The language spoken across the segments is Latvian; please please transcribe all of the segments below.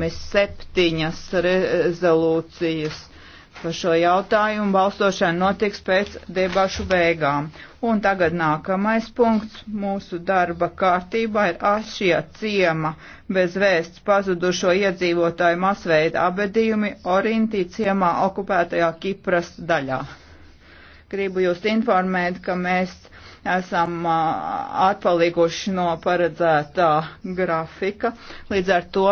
Mēs septiņas rezolūcijas par šo jautājumu balsošana notiks pēc debašu beigām. Un tagad nākamais punkts mūsu darba kārtībā ir ašie ciema bez vēsts pazudušo iedzīvotāju masveida abedījumi Orintī ciemā okupētajā Kipras daļā. Gribu jūs informēt, ka mēs esam atpalikuši no paredzētā grafika. Līdz ar to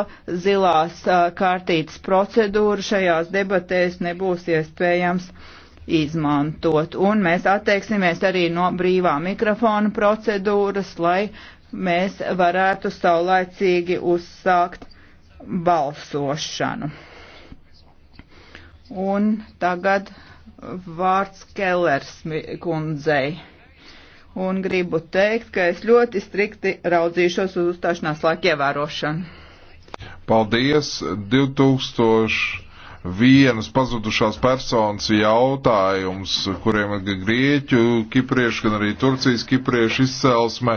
zilās kārtītas procedūra šajās debatēs nebūs iespējams izmantot. Un mēs atteiksimies arī no brīvā mikrofona procedūras, lai mēs varētu saulaicīgi uzsākt balsošanu. Un tagad vārds Kellers kundzei un gribu teikt, ka es ļoti strikti raudzīšos uz uzstāšanās laika ievērošanu. Paldies! 2001 pazudušās personas jautājums, kuriem ir grieķu, kipriešu, gan arī Turcijas kipriešu izcelsme.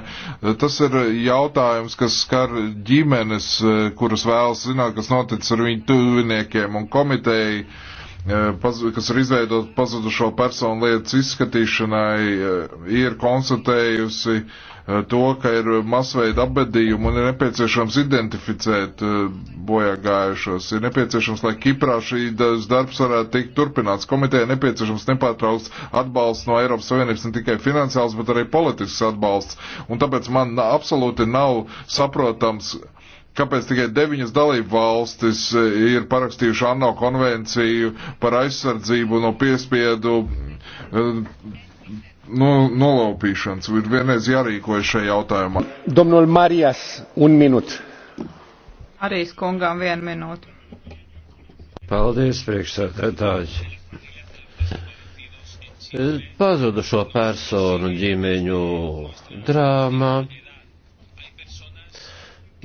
Tas ir jautājums, kas skar ģimenes, kuras vēlas zināt, kas noticis ar viņu tuviniekiem un komiteju Eh, kas ir izveidot pazudušo personu lietas izskatīšanai, eh, ir konstatējusi eh, to, ka ir masveida apbedījuma un ir nepieciešams identificēt bojā gājušos. Ir nepieciešams, lai Kiprā šī darbs varētu tikt turpināts. Komiteja nepieciešams nepārtraukts atbalsts no Eiropas Savienības ne tikai finansiāls, bet arī politisks atbalsts. Un tāpēc man absolūti nav saprotams, kāpēc tikai deviņas dalību valstis eh, ir parakstījuši ANO konvenciju par aizsardzību no piespiedu eh, no, nolaupīšanas. Ir vienreiz jārīkojas šajā jautājumā. Domnul Marijas, un minūte. Arī skungām vienu minūti. Paldies, priekšsēdētāji. Pazudušo personu ģimeņu drāmā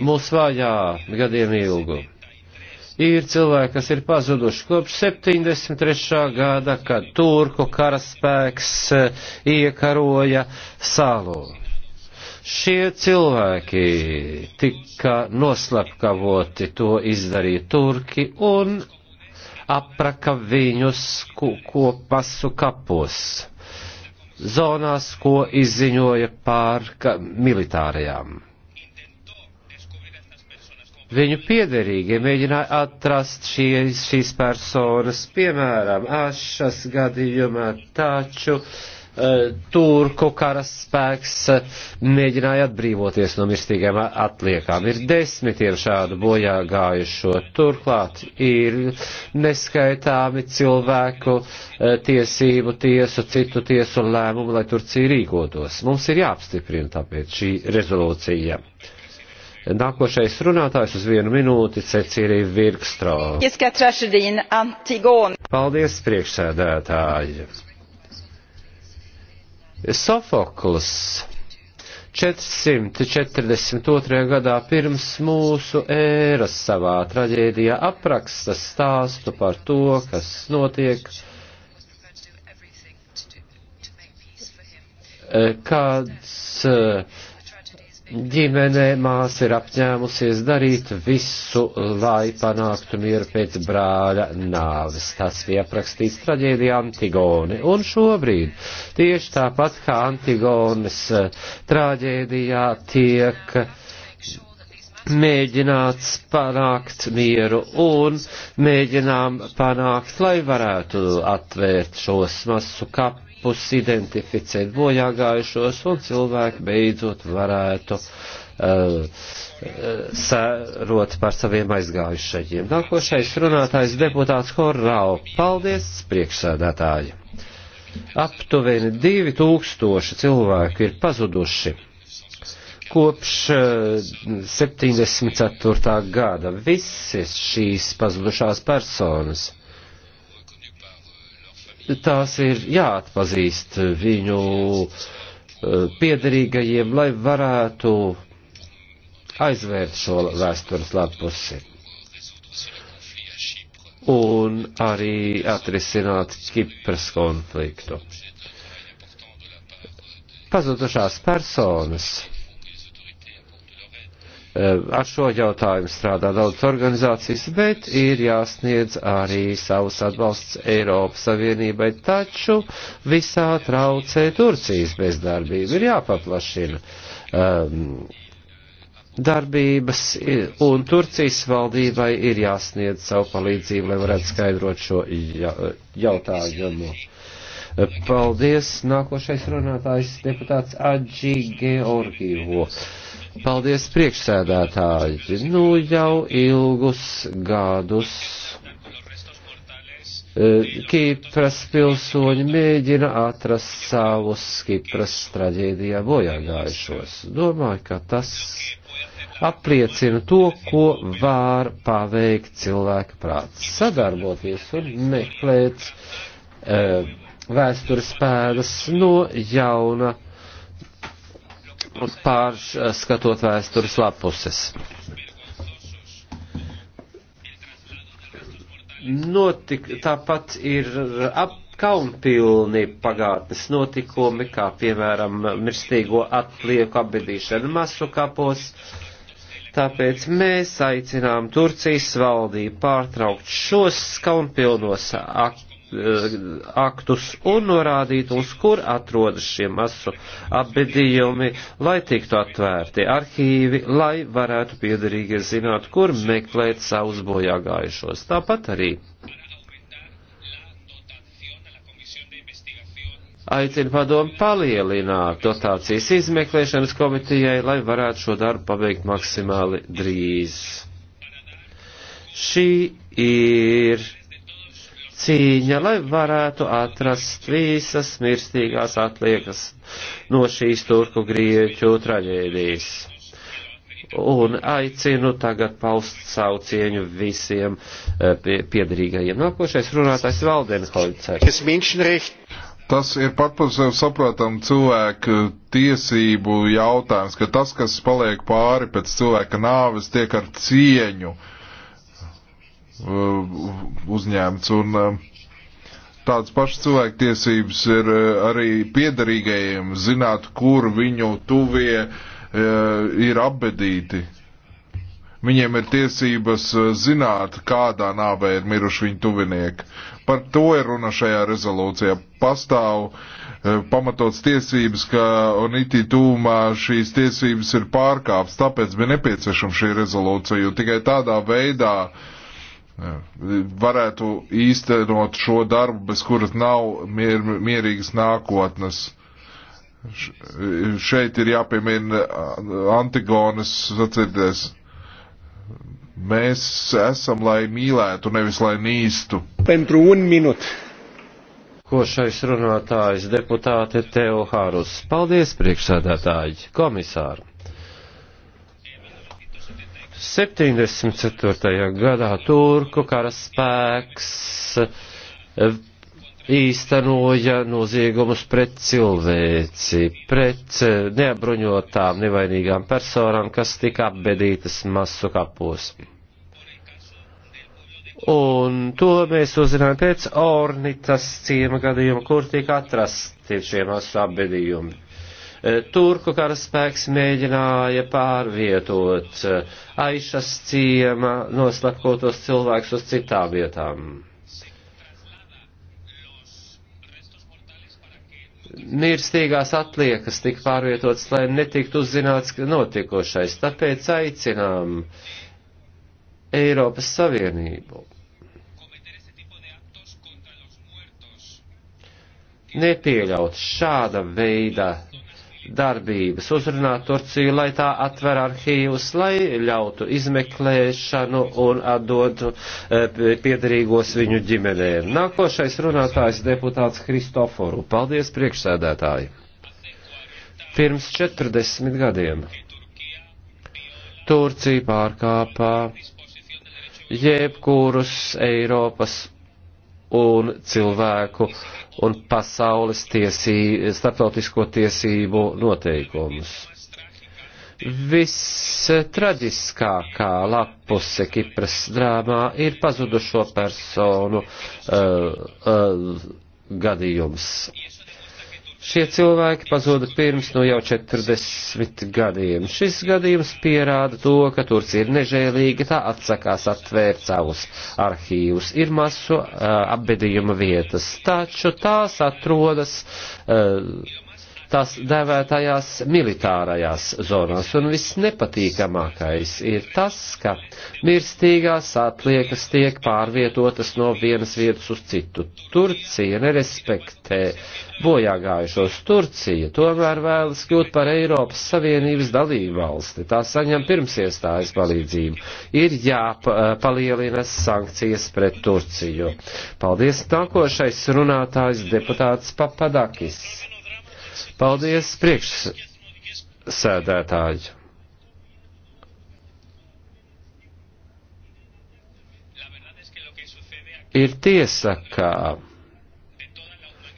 mūs vājā gadiem ilgu. Ir cilvēki, kas ir pazuduši kopš 73. gada, kad turku karaspēks eh, iekaroja salu. Šie cilvēki tika noslepkavoti, to izdarīja turki un apraka viņus kopasu kapos, zonās, ko izziņoja pār militārajām viņu piederīgie mēģināja atrast šīs, šīs personas, piemēram, ašas gadījumā, taču e, turku karaspēks e, mēģināja atbrīvoties no mirstīgām atliekām. Ir desmitiem šādu bojā gājušo. Turklāt ir neskaitāmi cilvēku e, tiesību tiesu, citu tiesu lēmumu, lai Turcija rīkotos. Mums ir jāapstiprina tāpēc šī rezolūcija. Nākošais runātājs uz vienu minūti - Cecīrija Virkstrā. Paldies, priekšsēdētāji! Sofokls 442. gadā pirms mūsu ēras savā traģēdijā apraksta stāstu par to, kas notiek, eh, kāds eh, ģimene māsa ir apņēmusies darīt visu, lai panāktu mieru pēc brāļa nāves. Tas bija aprakstīts traģēdijā Antigone. Un šobrīd, tieši tāpat kā Antigones eh, traģēdijā, tiek mēģināts panākt mieru un mēģinām panākt, lai varētu atvērt šos masu kapus grupus, identificēt bojāgājušos un cilvēki beidzot varētu uh, uh, sērot par saviem aizgājušajiem. Nākošais runātājs deputāts Horrau. Paldies, priekšsēdētāji! Aptuveni 2000 cilvēku ir pazuduši kopš 74. Uh, gada visas šīs pazudušās personas tās ir jāatpazīst viņu eh, piederīgajiem, lai varētu aizvērt šo vēstures lapusi. Un arī atrisināt Kipras konfliktu. Pazudušās personas Eh, ar šo jautājumu strādā daudz organizācijas, bet ir jāsniedz arī savus atbalsts Eiropas Savienībai, taču visā traucē Turcijas bezdarbība. Ir jāpaplašina um, darbības, un Turcijas valdībai ir jāsniedz savu palīdzību, lai varētu skaidrot šo jautājumu. Paldies. Nākošais runātājs deputāts Adži Georgievo. Paldies priekšsēdētāji. Nu jau ilgus gadus e, Kīpras pilsoņi mēģina atrast savus Kīpras traģēdijā bojāgājušos. Domāju, ka tas apliecina to, ko var paveikt cilvēka prāts. Sadarboties un meklēt e, vēstures pēdas no jauna pārskatot eh, vēstures lapuses. Notik, tāpat ir apkaunpilni pagātnes notikumi, kā piemēram mirstīgo atlieku apbedīšana masu kapos. Tāpēc mēs aicinām Turcijas valdību pārtraukt šos skaunpilnos ak Eh, aktus un norādīt, uz kur atrodas šie masu apbedījumi, lai tiktu atvērti arhīvi, lai varētu piederīgie zināt, kur meklēt savus bojā gājušos. Tāpat arī aicina padomu palielināt dotācijas izmeklēšanas komitijai, lai varētu šo darbu pabeigt maksimāli drīz. Šī ir cīņa, lai varētu atrast visas mirstīgās atliekas no šīs turku grieķu traģēdijas. Un aicinu tagad paust savu cieņu visiem eh, pie, piedarīgajiem. Nākošais runātājs Valdenholcers. Tas ir pat par sevi saprotam cilvēku tiesību jautājums, ka tas, kas paliek pāri pēc cilvēka nāves, tiek ar cieņu uh, Uh, uzņēmts. Un uh, tāds pašs cilvēktiesības ir uh, arī piedarīgajiem zināt, kur viņu tuvie ir apbedīti. Viņiem ir tiesības zināt, kādā nāvē ir miruši viņu tuvinieki. Par to ir runa šajā rezolūcijā. Pastāv pamatots tiesības, ka Onitī tūmā šīs tiesības ir pārkāpts, tāpēc bija nepieciešama šī rezolūcija, jo tikai tādā veidā uh, varētu īstenot šo darbu, bez kuras nav mier, mierīgas nākotnes. Šeit ir jāpiemina Antigonas sacīties. Mēs esam, lai mīlētu, nevis lai nīstu. Pentru un minūti. Košais runātājs deputāte Teo Hārus. Paldies, priekšsēdētāji, komisāri. 74. gadā Turku karaspēks eh, īstenoja noziegumus pret cilvēci, pret eh, neapbruņotām nevainīgām personām, kas tika apbedītas masu kapos. Un to mēs uzzinājām pēc Ornitas ciema gadījuma, kur tika atrasti šie masu apbedījumi. E, turku karaspēks mēģināja pārvietot e, Aišas ciema noslakotos cilvēkus uz citām vietām. mirstīgās atliekas tika pārvietotas, lai netiktu uzzināts notikošais. Tāpēc aicinām Eiropas Savienību nepieļaut šāda veida darbības, uzrunāt Turciju, lai tā atver arhīvus, lai ļautu izmeklēšanu un atdotu e, piedarīgos viņu ģimenēm. Nākošais runātājs deputāts Kristoforu. Paldies, priekšsēdētāji! Pirms 40 gadiem Turcija pārkāpā jebkurus Eiropas un cilvēku un pasaules tiesī, starptautisko tiesību noteikumus. Vistraģiskākā lapuse Kipras drāmā ir pazudušo personu uh, uh, gadījums Šie cilvēki pazuda pirms no nu jau 40 gadiem. Šis gadījums pierāda to, ka Turcija ir nežēlīga, tā atsakās atvērt savus arhīvus. Ir masu uh, apbedījuma vietas, taču tās atrodas uh, tās devētajās militārajās zonās. Un visnepatīkamākais ir tas, ka mirstīgās atliekas tiek pārvietotas no vienas vietas uz citu. Turcija nerespektē bojāgājušos. Turcija tomēr vēlas kļūt par Eiropas Savienības dalību valsti. Tā saņem pirmsiestājas palīdzību. Ir jāpalielina sankcijas pret Turciju. Paldies nākošais runātājs deputāts Papadakis. Paldies, priekšsēdētāji! Ir tiesa, ka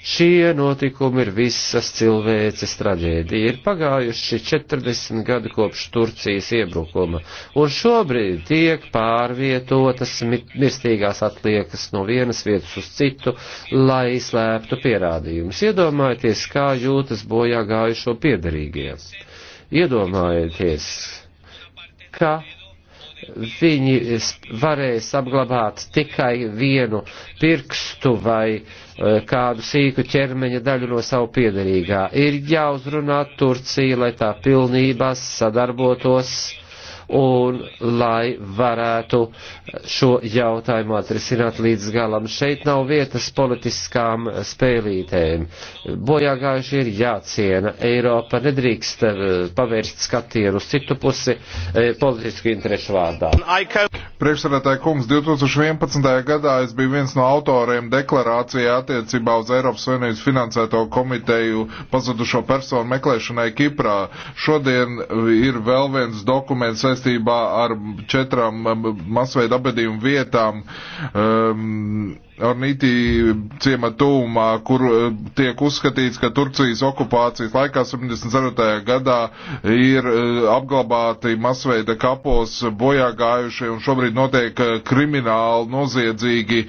Šie notikumi ir visas cilvēces traģēdija. Ir pagājuši 40 gadi kopš Turcijas iebrukuma, un šobrīd tiek pārvietotas mirstīgās atliekas no vienas vietas uz citu, lai slēptu pierādījumus. Iedomājieties, kā jūtas bojā gājušo piederīgie. Iedomājieties, ka viņi varēs apglabāt tikai vienu pirkstu vai e, kādu sīku ķermeņa daļu no savu piedarīgā. Ir jāuzrunā Turcija, lai tā pilnībā sadarbotos un lai varētu šo jautājumu atrisināt līdz galam. Šeit nav vietas politiskām spēlītēm. Bojāgājuši ir jāciena. Eiropa nedrīkst eh, pavērst skatienu uz citu pusi eh, politisku interešu vārdā. Priekšsēdētāja kungs, 2011. gadā es biju viens no autoriem deklarācijā attiecībā uz Eiropas Savienības finansēto komiteju pazudušo personu meklēšanai Kiprā. Šodien ir vēl viens dokuments saistībā ar četrām masveida apbedījumu vietām um, Ornītī ciemata tūmā, kur uh, tiek uzskatīts, ka Turcijas okupācijas laikā 74. gadā ir uh, apglabāti masveida kapos bojā gājušie un šobrīd notiek uh, krimināli noziedzīgi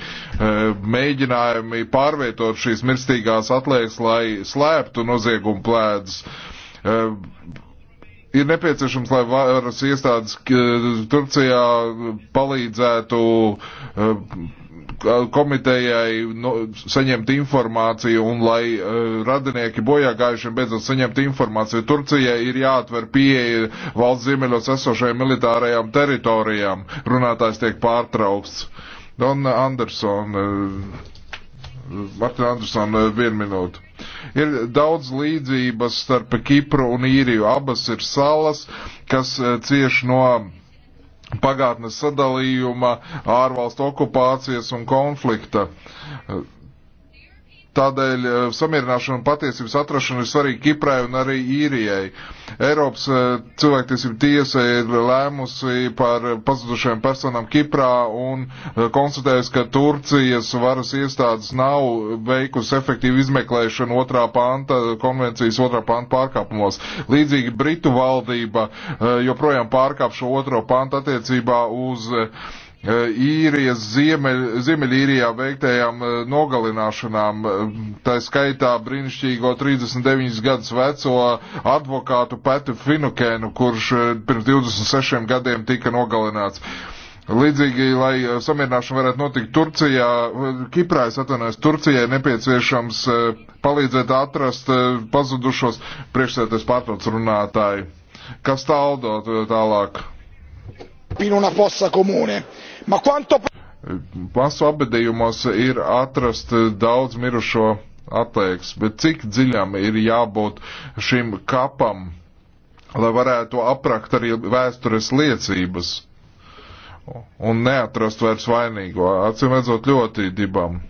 mēģinājumi pārvietot šīs mirstīgās atliekas, lai slēptu noziegumu plēdus ir nepieciešams, lai varas iestādes Turcijā palīdzētu e, komitejai no, saņemt informāciju un lai uh, radinieki bojā gājušiem beidzot saņemt informāciju. Turcijai ir jāatver pieeja valsts ziemeļos esošajām militārajām teritorijām. Runātājs tiek pārtraukts. Donna Anderson. Uh, Martina Andersona, eh, vienu minūtu. Ir daudz līdzības starp Kipru un Īriju. Abas ir salas, kas eh, cieši no pagātnes sadalījuma, ārvalstu okupācijas un konflikta. Tādēļ eh, samierināšana un patiesības atrašana ir svarīga Kiprai un arī Īrijai. Eiropas eh, cilvēktiesība tiesa ir lēmusi par pazudušajām personām Kiprā un eh, konstatējusi, ka Turcijas varas iestādes nav veikusi efektīvu izmeklēšanu otrā panta, konvencijas otrā panta pārkāpumos. Līdzīgi Britu valdība joprojām pārkāp šo otro pantu attiecībā uz uh, Eh, īrijas ziemeļ, ziemeļīrijā veiktajām eh, nogalināšanām, eh, tā skaitā brīnišķīgo 39 gadus veco advokātu Petu Finukēnu, kurš pirms 26 gadiem tika nogalināts. Līdzīgi, lai samierināšana varētu notikt Turcijā, Kiprā, es atvainojos, Turcijai nepieciešams palīdzēt atrast pazudušos priekšsēdētājs pārtrauc runātāju. Kas taldo tālāk? in una fossa comune. Ma quanto... Masu apbedījumos ir atrast daudz mirušo atliekas, bet cik dziļam ir jābūt šim kapam, lai varētu aprakt arī vēstures liecības un neatrast vairs vainīgo. Acīm redzot, ļoti dibam.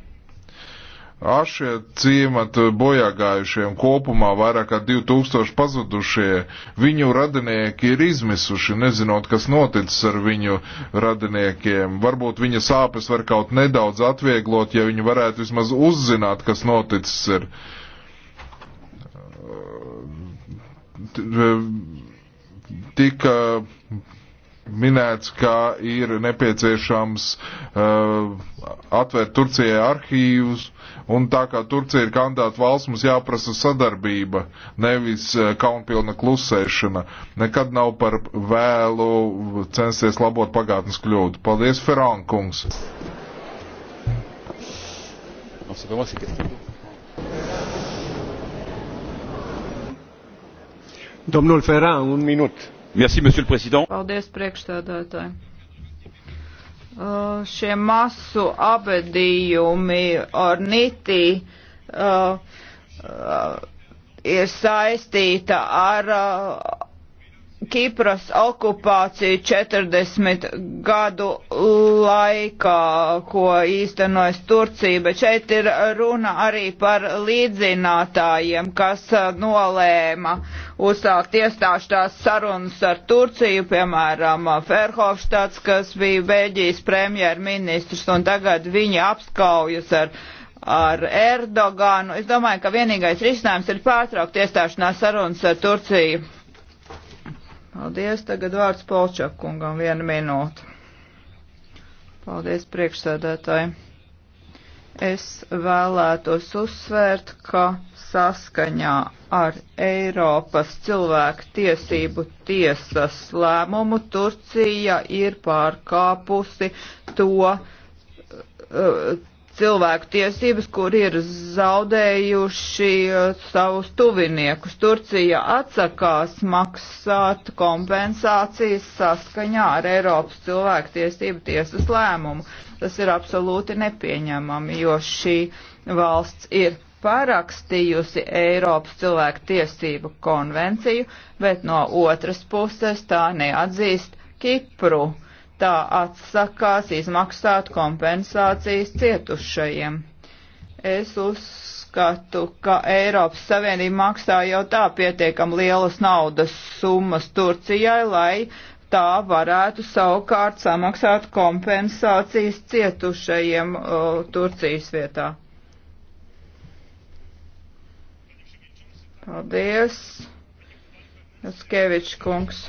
Ašie ciemata eh, bojāgājušiem kopumā vairāk kā 2000 pazudušie, viņu radinieki ir izmisuši, nezinot, kas noticis ar viņu radiniekiem. Varbūt viņa sāpes var kaut nedaudz atvieglot, ja viņi varētu vismaz uzzināt, kas noticis ar. Eh, eh, tika minēts, ka ir nepieciešams uh, atvērt Turcijai arhīvus, un tā kā Turcija ir kandidāta valsts, mums jāprasa sadarbība, nevis uh, kaunpilna klusēšana. Nekad nav par vēlu censties labot pagātnes kļūdu. Paldies, Ferankungs! Domnul Ferran, un minut. Merci, monsieur le président. Paldies, priekšstādātāji. Uh, šie masu abedījumi ar nitī uh, uh, ir saistīta ar uh, Kipras okupāciju 40 gadu laikā, ko īstenojas Turcija, bet šeit ir runa arī par līdzinātājiem, kas uh, nolēma uzsākt iestāšanās sarunas ar Turciju, piemēram, uh, Ferhofštats, kas bija Beļģijas premjerministrs, un tagad viņi apskaujas ar ar Erdoganu. Es domāju, ka vienīgais risinājums ir pārtraukt iestāšanās sarunas ar Turciju Paldies. Tagad vārds Polčakungam vienu minūtu. Paldies priekšsēdētāji. Es vēlētos uzsvērt, ka saskaņā ar Eiropas cilvēku tiesību tiesas lēmumu Turcija ir pārkāpusi to. Uh, cilvēku tiesības, kur ir zaudējuši uh, savus tuviniekus. Turcija atsakās maksāt kompensācijas saskaņā ar Eiropas cilvēku tiesību tiesas lēmumu. Tas ir absolūti nepieņemami, jo šī valsts ir parakstījusi Eiropas cilvēku tiesību konvenciju, bet no otras puses tā neatzīst Kipru tā atsakās izmaksāt kompensācijas cietušajiem. Es uzskatu, ka Eiropas Savienība maksā jau tā pietiekam lielas naudas summas Turcijai, lai tā varētu savukārt samaksāt kompensācijas cietušajiem uh, Turcijas vietā. Paldies, Skevičs kungs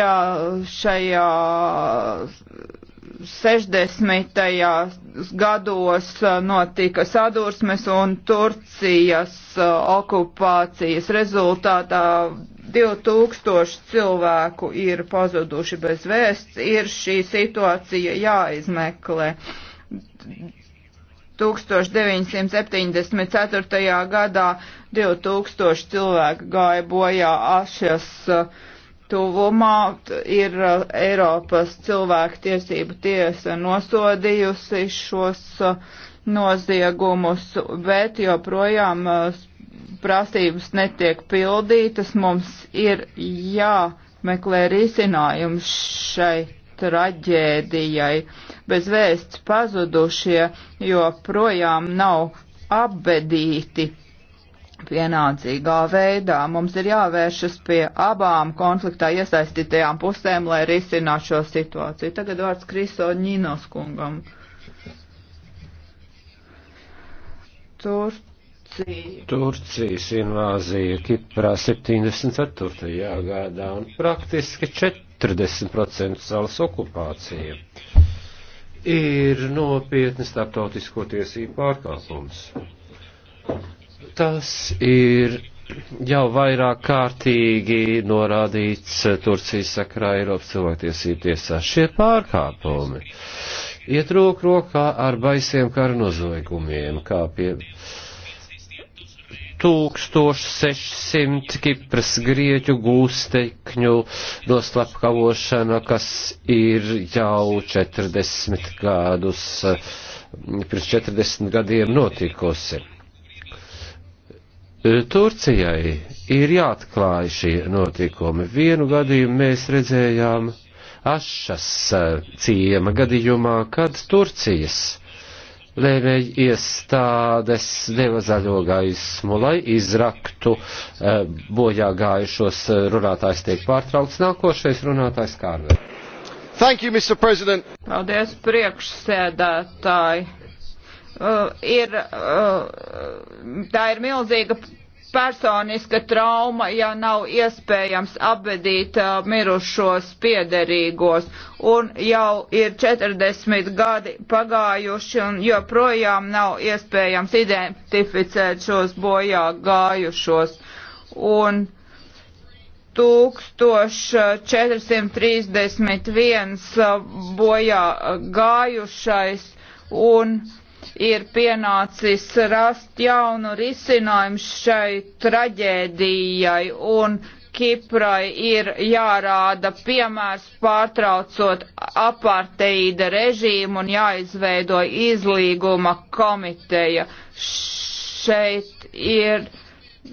ja šajā 60. gados notika sadursmes un Turcijas okupācijas rezultātā 2000 cilvēku ir pazuduši bez vēsts, ir šī situācija jāizmeklē 1974. gadā 2000 cilvēku gāja bojā ašas uh, tuvumā. Ir uh, Eiropas cilvēku tiesību tiesa nosodījusi šos uh, noziegumus, bet joprojām prasības netiek pildītas. Mums ir jāmeklē risinājums šai traģēdijai bez vēsts pazudušie joprojām nav apbedīti pienācīgā veidā. Mums ir jāvēršas pie abām konfliktā iesaistītajām pusēm, lai risinātu šo situāciju. Tagad vārds Kriso Ņinos kungam. Turcija. Turcijas invāzija Kiprā 74. gadā un praktiski 40% salas okupācija ir nopietni starptautisko tiesību pārkāpums. Tas ir jau vairāk kārtīgi norādīts Turcijas sakrā Eiropas cilvēktiesību tiesā. Šie pārkāpumi iet roku rokā ar baisiem kara noziegumiem, kā pie, 1600 Kipras grieķu gūstekņu noslapkavošana, kas ir jau 40 gadus, pirms 40 gadiem notikusi. Turcijai ir jāatklāja šie notikumi. Vienu gadījumu mēs redzējām Ašas ciema gadījumā, kad Turcijas lēmēji iestādes deva zaļo gaismu, lai izraktu e, bojā gājušos eh, runātājs tiek pārtraukts. Nākošais runātājs Kārver. Thank you, Mr. President. Paldies, priekšsēdētāji. Uh, ir, uh, tā ir milzīga personiska trauma, ja nav iespējams apbedīt uh, mirušos piederīgos. Un jau ir 40 gadi pagājuši un joprojām nav iespējams identificēt šos bojā gājušos. Un 1431 uh, bojā gājušais un ir pienācis rast jaunu risinājumu šai traģēdijai, un Kiprai ir jārāda piemērs pārtraucot aparteīda režīmu un jāizveido izlīguma komiteja. Šeit ir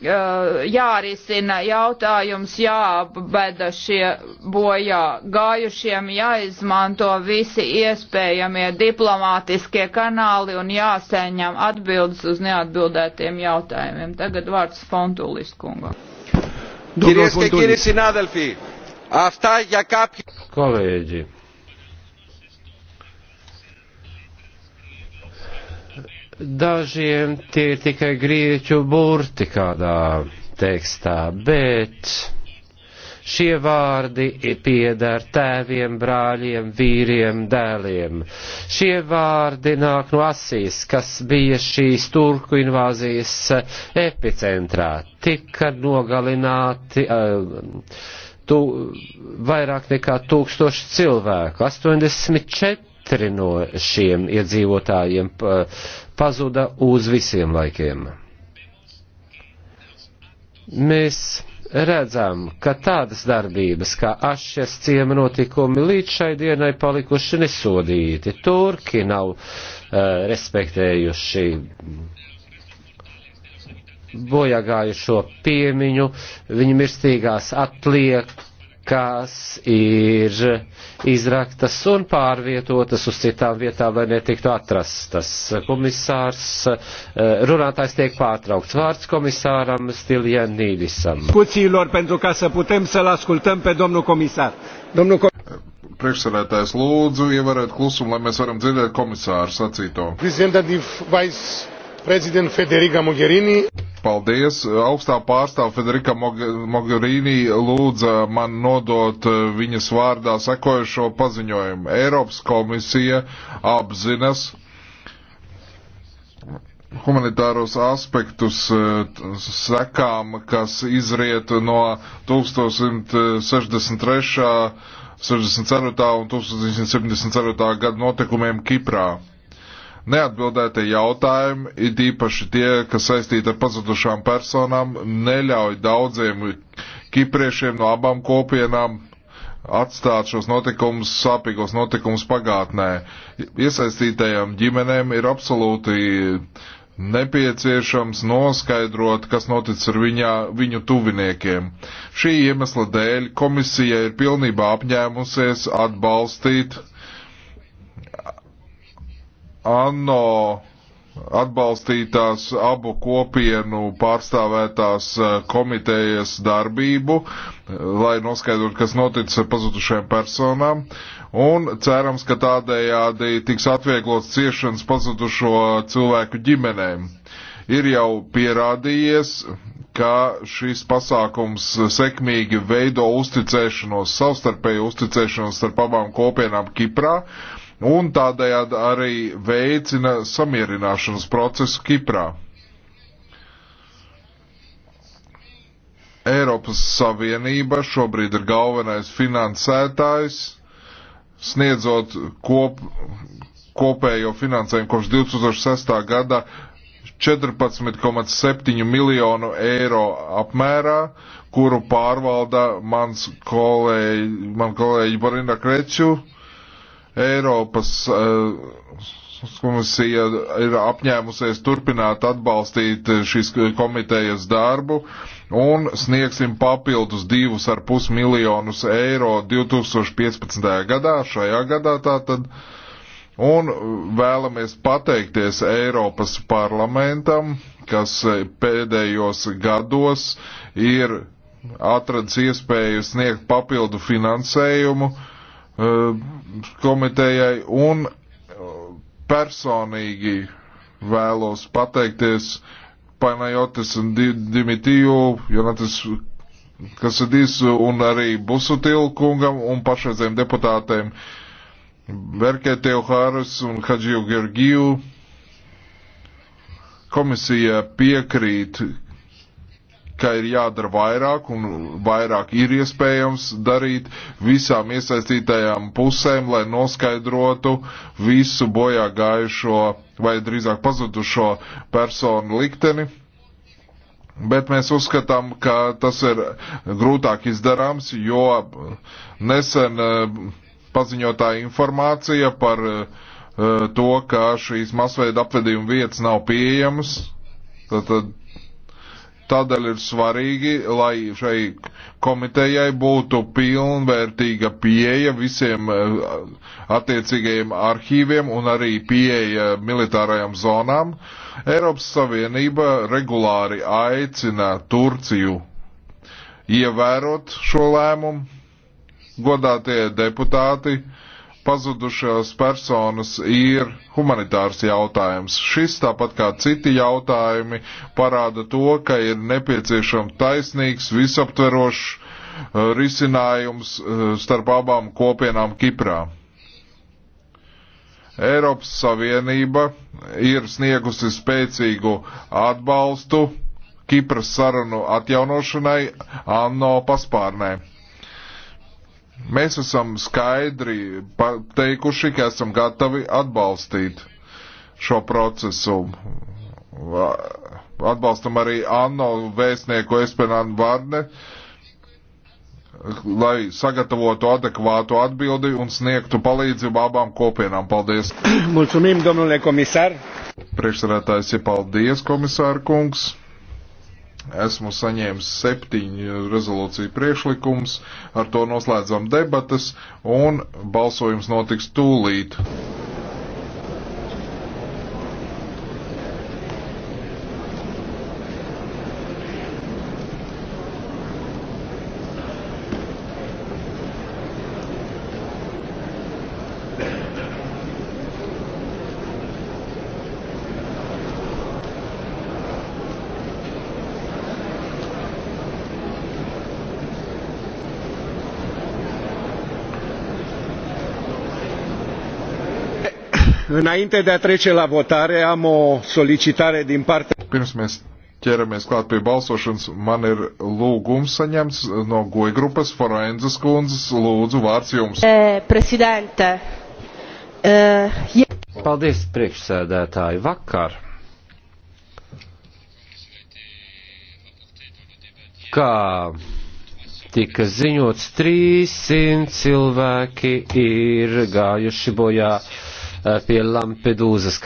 jārisina jautājums, jāapbeda šie bojā gājušiem, jāizmanto visi iespējamie diplomātiskie kanāli un jāseņem atbildes uz neatbildētiem jautājumiem. Tagad vārds Fontulis kungam. Kolēģi, Dažiem tie ir tikai grieķu burti kādā tekstā, bet šie vārdi pieder tēviem, brāļiem, vīriem, dēliem. Šie vārdi nāk no Asijas, kas bija šīs turku invāzijas epicentrā. Tika nogalināti. Uh, Tu, vairāk nekā tūkstoši cilvēku, 84 četri no šiem iedzīvotājiem eh, pazuda uz visiem laikiem. Mēs redzam, ka tādas darbības kā ašies ciema notikumi līdz šai dienai palikuši nesodīti. Turki nav uh, respektējuši bojāgājušo piemiņu, viņu mirstīgās atliek kas ir izraktas un pārvietotas uz citām vietām, lai netiktu atrastas. Komisārs, eh, runātājs tiek pārtraukts. Vārds komisāram Stiljan Nīlisam. Kucīlor, pentru ca să putem să-l ascultăm pe domnul comisar. Domnul com Priekšsēdētājs lūdzu, ievarēt klusumu, lai mēs varam dzirdēt komisāru sacīto. Representative Vice President Federica Mogherini. Paldies. Augstā pārstāva Federika Mogherini lūdza man nodot eh, viņas vārdā sekojušo paziņojumu. Eiropas komisija apzinas humanitāros aspektus eh, sekām, kas izriet no 1163. 64. un 1974. gada notikumiem Kiprā. Neatbildētie jautājumi, it īpaši tie, kas saistīti ar pazudušām personām, neļauj daudziem kipriešiem no abām kopienām atstāt šos notikumus, sāpīgos notikumus pagātnē. Iesaistītajām ģimenēm ir absolūti nepieciešams noskaidrot, kas noticis ar viņā, viņu tuviniekiem. Šī iemesla dēļ komisija ir pilnībā apņēmusies atbalstīt ANO atbalstītās abu kopienu pārstāvētās eh, komitejas darbību, lai noskaidrotu, kas noticis ar pazudušajām personām. Un cerams, ka tādējādi tiks atvieglots ciešanas pazudušo cilvēku ģimenēm. Ir jau pierādījies, ka šis pasākums sekmīgi veido uzticēšanos, savstarpēju uzticēšanos starp abām kopienām Kiprā. Uh, un tādējādi arī veicina samierināšanas procesu Kiprā. Eiropas Savienība šobrīd ir galvenais finansētājs, sniedzot kop, kopējo finansējumu kopš 2006. gada 14,7 miljonu eiro apmērā, kuru pārvalda mans kolēģi, man kolēģi Borina Kreču, uh, Eiropas eh, komisija ir apņēmusies turpināt atbalstīt šīs komitejas darbu un sniegsim papildus 2,5 miljonus eiro 2015. gadā, šajā gadā tātad. Un vēlamies pateikties Eiropas parlamentam, kas pēdējos gados ir atradis iespēju sniegt papildu finansējumu uh, Uh, komitejai un uh, personīgi vēlos pateikties Panajotis un Dimitiju, Jonatis Kasadīs un arī Busutilu kungam un pašreizējiem deputātēm Verkētiju Hāras un Hadžiju Gergiju. Komisija piekrīt ka ir jādara vairāk un vairāk ir iespējams darīt visām iesaistītajām pusēm, lai noskaidrotu visu bojā gājušo vai drīzāk pazudušo personu likteni. Bet mēs uzskatām, ka tas ir grūtāk izdarāms, jo nesen e, paziņotāja informācija par e, e, to, ka šīs masveida apvedījuma vietas nav pieejamas, tad, tad Tādēļ ir svarīgi, lai šai komitejai būtu pilnvērtīga pieeja visiem eh, attiecīgajiem arhīviem un arī pieeja militārajām zonām. Eiropas Savienība regulāri aicina Turciju ievērot šo lēmumu. Godātie deputāti, uh, pazudušās personas ir humanitārs jautājums. Šis, tāpat kā citi jautājumi, parāda to, ka ir nepieciešams taisnīgs, visaptverošs uh, risinājums uh, starp abām kopienām Kiprā. Eiropas Savienība ir sniegusi spēcīgu atbalstu Kipras sarunu atjaunošanai ANO paspārnē Mēs esam skaidri pateikuši, ka esam gatavi atbalstīt šo procesu. Atbalstam arī Anno vēstnieku Espenānu Varne, lai sagatavotu adekvātu atbildi un sniegtu palīdzību abām kopienām. Paldies! Mulțumim, domnule komisār! Priekšsarētājs ir paldies, komisāra kungs! Esmu saņēmis septiņu rezolūciju priekšlikums, ar to noslēdzam debatas un balsojums notiks tūlīt. Înainte de a trece la votare, am o solicitare din partea... Pirms mēs ķeramies klāt pie balsošanas, man ir lūgums saņemts no goja grupas Forenzas kundzes. Lūdzu, vārds jums. Eh, Prezidente. Eh, Paldies, priekšsēdētāji. Vakar. Kā tika ziņots, 300 cilvēki ir gājuši bojā pie Lampedūzas